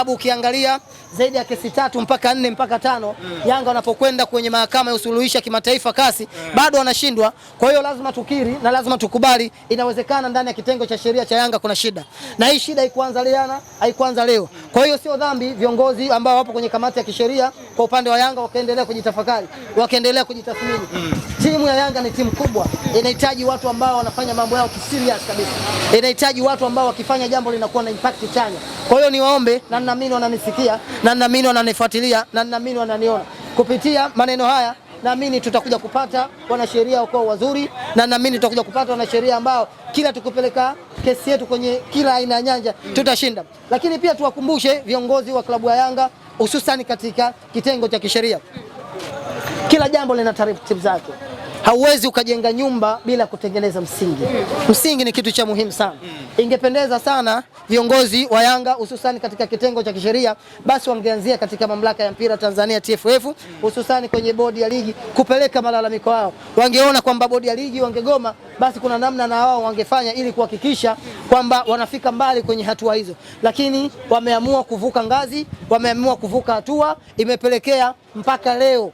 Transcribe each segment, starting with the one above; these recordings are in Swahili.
sababu ukiangalia zaidi ya kesi tatu mpaka nne mpaka tano mm. Yanga wanapokwenda kwenye mahakama ya usuluhishi ya kimataifa kasi mm. bado wanashindwa. Kwa hiyo lazima tukiri na lazima tukubali, inawezekana ndani ya kitengo cha sheria cha Yanga kuna shida na hii shida haikuanza leo, haikuanza leo. Kwa hiyo sio dhambi viongozi ambao wapo kwenye kamati ya kisheria kwa upande wa Yanga wakaendelea kujitafakari, wakaendelea kujitathmini mm. timu ya Yanga ni timu kubwa, inahitaji watu ambao wanafanya mambo yao kiserious kabisa, inahitaji watu ambao wakifanya jambo linakuwa na impact chanya kwa hiyo niwaombe, na ninaamini wananisikia na ninaamini wananifuatilia na ninaamini wananiona kupitia maneno haya naamini tutakuja kupata wanasheria wako wazuri, na naamini tutakuja kupata wanasheria ambao kila tukipeleka kesi yetu kwenye kila aina ya nyanja mm. tutashinda. Lakini pia tuwakumbushe viongozi wa klabu ya Yanga hususani katika kitengo cha kisheria, kila jambo lina taratibu zake. Hauwezi ukajenga nyumba bila kutengeneza msingi. Msingi ni kitu cha muhimu sana. Ingependeza sana viongozi wa Yanga hususani katika kitengo cha kisheria, basi wangeanzia katika mamlaka ya mpira Tanzania TFF, hususani kwenye bodi ya ligi kupeleka malalamiko yao. Wangeona kwamba bodi ya ligi wangegoma, basi kuna namna na wao wangefanya ili kuhakikisha kwamba wanafika mbali kwenye hatua hizo, lakini wameamua kuvuka ngazi, wameamua kuvuka hatua, imepelekea mpaka leo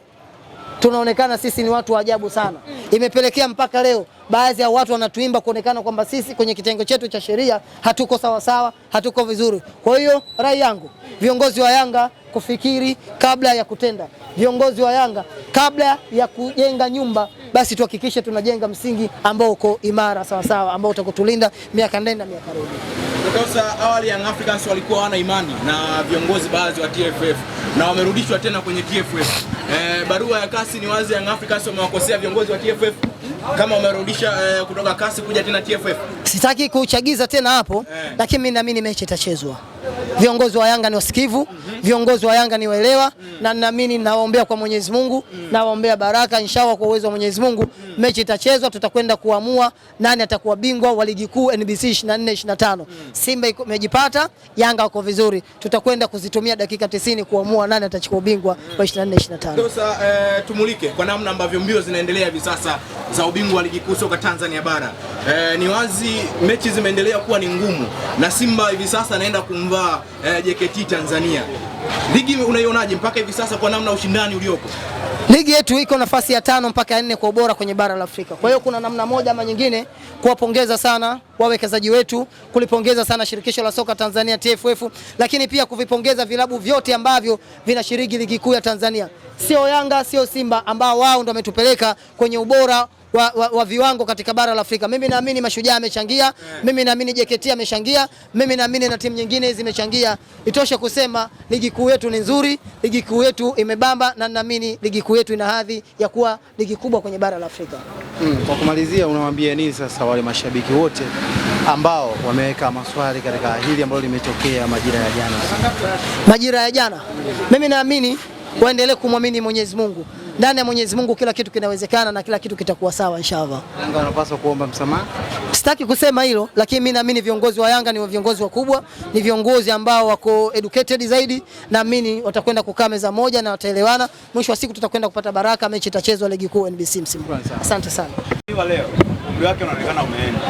tunaonekana sisi ni watu wa ajabu sana. Imepelekea mpaka leo baadhi ya watu wanatuimba kuonekana kwamba sisi kwenye kitengo chetu cha sheria hatuko sawasawa, hatuko vizuri. Kwa hiyo rai yangu viongozi wa Yanga kufikiri kabla ya kutenda, viongozi wa Yanga kabla ya kujenga nyumba, basi tuhakikishe tunajenga msingi ambao uko imara sawasawa, ambao utakutulinda miaka nenda miaka rudi. Sasa uh, awali Young Africans walikuwa hawana imani na viongozi baadhi wa TFF na wamerudishwa tena kwenye TFF. Eh, barua ya kasi ni wazi Young Africans wamewakosea viongozi wa TFF kama umerudisha eh, kutoka kasi kuja tena TFF. Sitaki kuchagiza tena hapo eh, lakini mimi naamini mechi itachezwa. Viongozi wa Yanga ni wasikivu, mm -hmm. Viongozi wa Yanga ni waelewa, mm -hmm. na naamini nawaombea kwa Mwenyezi Mungu, mm -hmm. nawaombea baraka inshallah kwa uwezo wa Mwenyezi Mungu, mm -hmm. mechi itachezwa, tutakwenda kuamua nani atakuwa bingwa wa ligi kuu NBC 24 25. Mm -hmm. Simba imejipata, Yanga wako vizuri, tutakwenda kuzitumia dakika 90 kuamua nani atachukua ubingwa wa 24 25. Sasa eh, tumulike kwa namna ambavyo mbio zinaendelea hivi sasa za mabingwa ligi kuu soka Tanzania bara. E, ni wazi mechi zimeendelea kuwa ni ngumu na Simba hivi sasa anaenda kumvaa e, eh, JKT Tanzania. Ligi unaionaje mpaka hivi sasa kwa namna ushindani uliopo? Ligi yetu iko nafasi ya tano mpaka ya nne kwa ubora kwenye bara la Afrika. Kwa hiyo kuna namna moja ama nyingine kuwapongeza sana wawekezaji wetu, kulipongeza sana shirikisho la soka Tanzania TFF, lakini pia kuvipongeza vilabu vyote ambavyo vinashiriki ligi kuu ya Tanzania sio Yanga sio Simba ambao wao ndio wametupeleka kwenye ubora wa, wa, wa viwango katika bara la Afrika. Mimi naamini Mashujaa amechangia, mimi naamini JKT amechangia, mimi naamini na timu nyingine zimechangia. Itoshe kusema ligi kuu yetu ni nzuri, ligi kuu yetu imebamba, na naamini ligi kuu yetu ina hadhi ya kuwa ligi kubwa kwenye bara la Afrika. Mm, kwa kumalizia unawaambia nini sasa wale mashabiki wote ambao wameweka maswali katika hili ambalo limetokea majira ya jana? Majira ya jana mimi naamini waendelee kumwamini Mwenyezi Mungu. Ndani ya Mwenyezi Mungu kila kitu kinawezekana na kila kitu kitakuwa sawa inshallah. Yanga wanapaswa kuomba msamaha. Sitaki kusema hilo, lakini mimi naamini viongozi wa Yanga ni viongozi wakubwa, ni viongozi ambao wako educated zaidi, naamini watakwenda kukaa meza moja na wataelewana. Mwisho wa siku tutakwenda kupata baraka, mechi itachezwa ligi kuu NBC msimu. Asante sana. Leo umri wake unaonekana umeenda.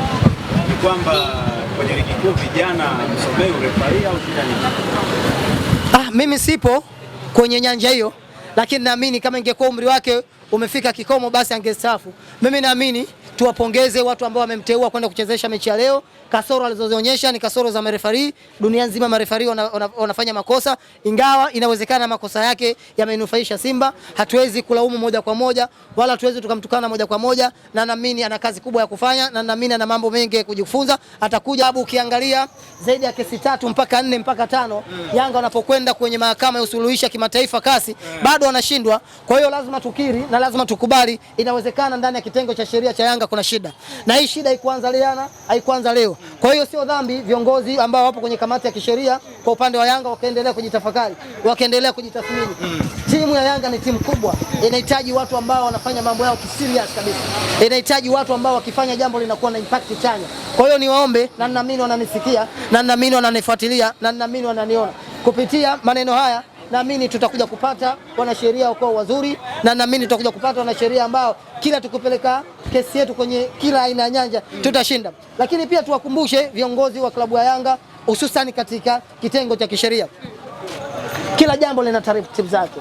Ni kwamba kwenye ligi kuu vijana msomee urefaria au shida Ah, mimi sipo kwenye nyanja hiyo, lakini naamini kama ingekuwa umri wake umefika kikomo, basi angestaafu. Mimi naamini Tuwapongeze watu ambao wamemteua kwenda kuchezesha mechi ya leo. Kasoro alizozionyesha ni kasoro za marefari. Dunia nzima marefari wanafanya ona, ona, makosa, ingawa inawezekana makosa yake yamenufaisha Simba. Hatuwezi kulaumu moja kwa moja wala hatuwezi tukamtukana moja kwa moja, na naamini ana kazi kubwa ya kufanya na naamini ana mambo mengi ya kujifunza. Atakuja sababu ukiangalia zaidi ya kesi tatu mpaka nne mpaka tano mm. Yanga wanapokwenda kwenye mahakama ya usuluhisha kimataifa kasi mm. bado wanashindwa. Kwa hiyo lazima tukiri na lazima tukubali, inawezekana ndani ya kitengo cha sheria cha Yanga kuona kuna shida, na hii shida haikuanza leo, haikuanza leo. Kwa hiyo sio dhambi viongozi ambao wapo kwenye kamati ya kisheria kwa upande wa Yanga wakaendelea kujitafakari, wakaendelea kujitathmini. Timu ya Yanga ni timu kubwa, inahitaji watu ambao wanafanya mambo yao kiserious kabisa, inahitaji watu ambao wakifanya jambo linakuwa na impact chanya. Kwa hiyo niwaombe, na ninaamini wananisikia, na ninaamini wananifuatilia, na ninaamini wananiona kupitia maneno haya naamini tutakuja kupata wanasheria wakao wazuri, na naamini tutakuja kupata wanasheria ambao kila tukupeleka kesi yetu kwenye kila aina ya nyanja mm. tutashinda. Lakini pia tuwakumbushe viongozi wa klabu ya Yanga hususani katika kitengo cha kisheria, mm. kila jambo lina taratibu zake.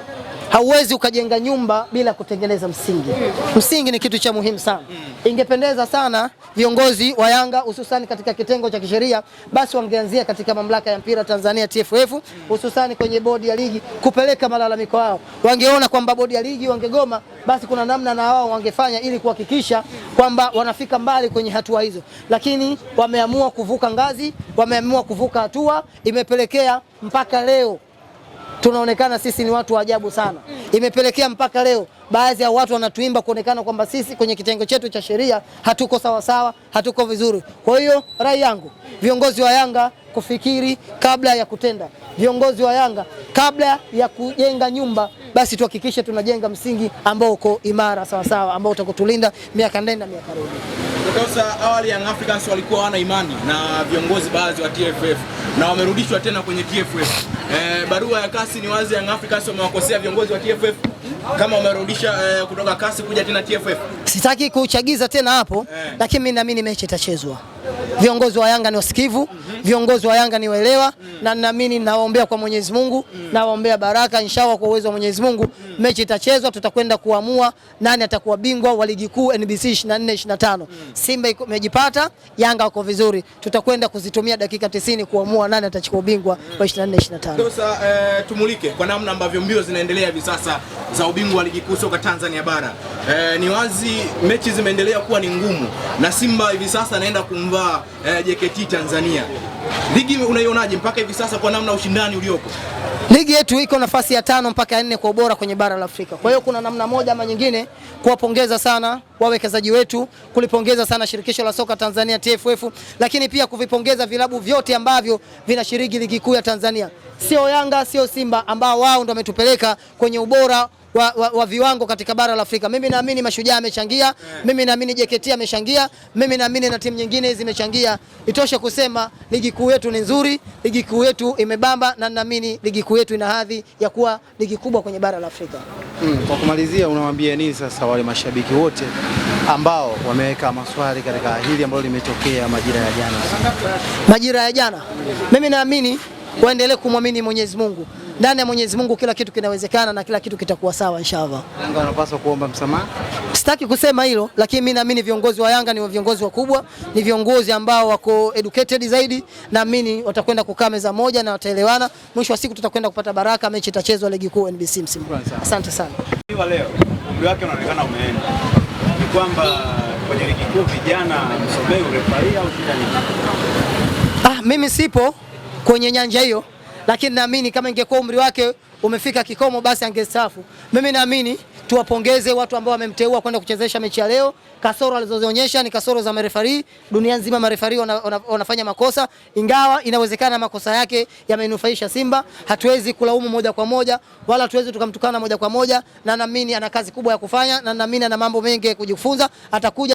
Hauwezi ukajenga nyumba bila kutengeneza msingi. Msingi ni kitu cha muhimu sana. Ingependeza sana viongozi wa Yanga hususani katika kitengo cha kisheria, basi wangeanzia katika mamlaka ya mpira Tanzania TFF, hususani kwenye bodi ya ligi kupeleka malalamiko yao. Wangeona kwamba bodi ya ligi wangegoma, basi kuna namna na wao wangefanya ili kuhakikisha kwamba wanafika mbali kwenye hatua hizo, lakini wameamua kuvuka ngazi, wameamua kuvuka hatua, imepelekea mpaka leo tunaonekana sisi ni watu wa ajabu sana. Imepelekea mpaka leo baadhi ya watu wanatuimba kuonekana kwamba sisi kwenye kitengo chetu cha sheria hatuko sawasawa, hatuko vizuri. Kwa hiyo rai yangu viongozi wa Yanga kufikiri kabla ya kutenda, viongozi wa Yanga kabla ya kujenga nyumba basi tuhakikishe tunajenga msingi ambao uko imara sawasawa, ambao utakutulinda miaka nenda miaka rudi. Sasa awali Young Africans walikuwa wana imani na viongozi baadhi wa TFF na wamerudishwa tena kwenye TFF. Eh, barua ya kasi ni wazi Young Africans wamewakosea viongozi wa TFF kama wamerudisha eh, kutoka kasi kuja tena TFF. Sitaki kuchagiza tena hapo eh, lakini mimi naamini mechi itachezwa. Viongozi wa Yanga ni wasikivu, viongozi wa Yanga ni waelewa, na naamini, nawaombea kwa Mwenyezi Mungu, nawaombea baraka inshallah, kwa uwezo wa Mwenyezi Mungu mechi itachezwa, tutakwenda kuamua nani atakuwa bingwa wa ligi kuu NBC 24 25. Simba imejipata, Yanga wako vizuri, tutakwenda kuzitumia dakika 90 kuamua nani atachukua ubingwa wa 24 25. Sasa tumulike kwa namna ambavyo mbio zinaendelea hivi sasa za ubingwa wa ligi kuu soka Tanzania bara. Eh, ni wazi mechi zimeendelea kuwa ni ngumu na Simba hivi sasa anaenda kumvaa eh, JKT Tanzania. Ligi unaionaje mpaka hivi sasa kwa namna ushindani uliopo? Ligi yetu iko nafasi ya tano mpaka ya nne kwa ubora kwenye bara la Afrika. Kwa hiyo kuna namna moja ama nyingine kuwapongeza sana wawekezaji wetu, kulipongeza sana shirikisho la soka Tanzania TFF, lakini pia kuvipongeza vilabu vyote ambavyo vinashiriki ligi kuu ya Tanzania, sio Yanga, sio Simba ambao wao ndio wametupeleka kwenye ubora wa, wa, wa viwango katika bara la Afrika. Mimi naamini Mashujaa amechangia, eh. mimi naamini JKT amechangia, mimi naamini na timu nyingine zimechangia. Itosha kusema ligi kuu yetu ni nzuri, ligi kuu yetu imebamba, na naamini ligi kuu yetu ina hadhi ya kuwa ligi kubwa kwenye bara la Afrika. Hmm. kwa kumalizia unawaambia nini sasa wale mashabiki wote ambao wameweka maswali katika hili ambalo limetokea majira ya jana? Majira ya jana, mimi naamini waendelee kumwamini Mwenyezi Mungu ndani ya Mwenyezi Mungu kila kitu kinawezekana na kila kitu kitakuwa sawa inshallah. Yanga wanapaswa kuomba msamaha. Sitaki kusema hilo, lakini mimi naamini viongozi wa Yanga ni viongozi wakubwa, ni viongozi ambao wako educated zaidi. Naamini watakwenda kukaa meza moja na wataelewana. Mwisho wa siku tutakwenda kupata baraka. Mechi itachezwa ligi kuu NBC msimu. Asante sana. Leo mwili wake unaonekana umeenda, ni kwamba kwenye ligi kuu vijana msomei urefaria au shida nini? Ah, mimi sipo kwenye nyanja hiyo lakini naamini kama ingekuwa umri wake umefika kikomo, basi angestaafu. Mimi naamini tuwapongeze watu ambao wamemteua kwenda kuchezesha mechi ya leo. Kasoro alizozionyesha ni kasoro za marefari dunia nzima, marefari wanafanya ona, makosa, ingawa inawezekana makosa yake yamenufaisha Simba. Hatuwezi kulaumu moja kwa moja wala hatuwezi tukamtukana moja kwa moja, na naamini ana kazi kubwa ya kufanya, na naamini ana mambo mengi ya kujifunza atakuja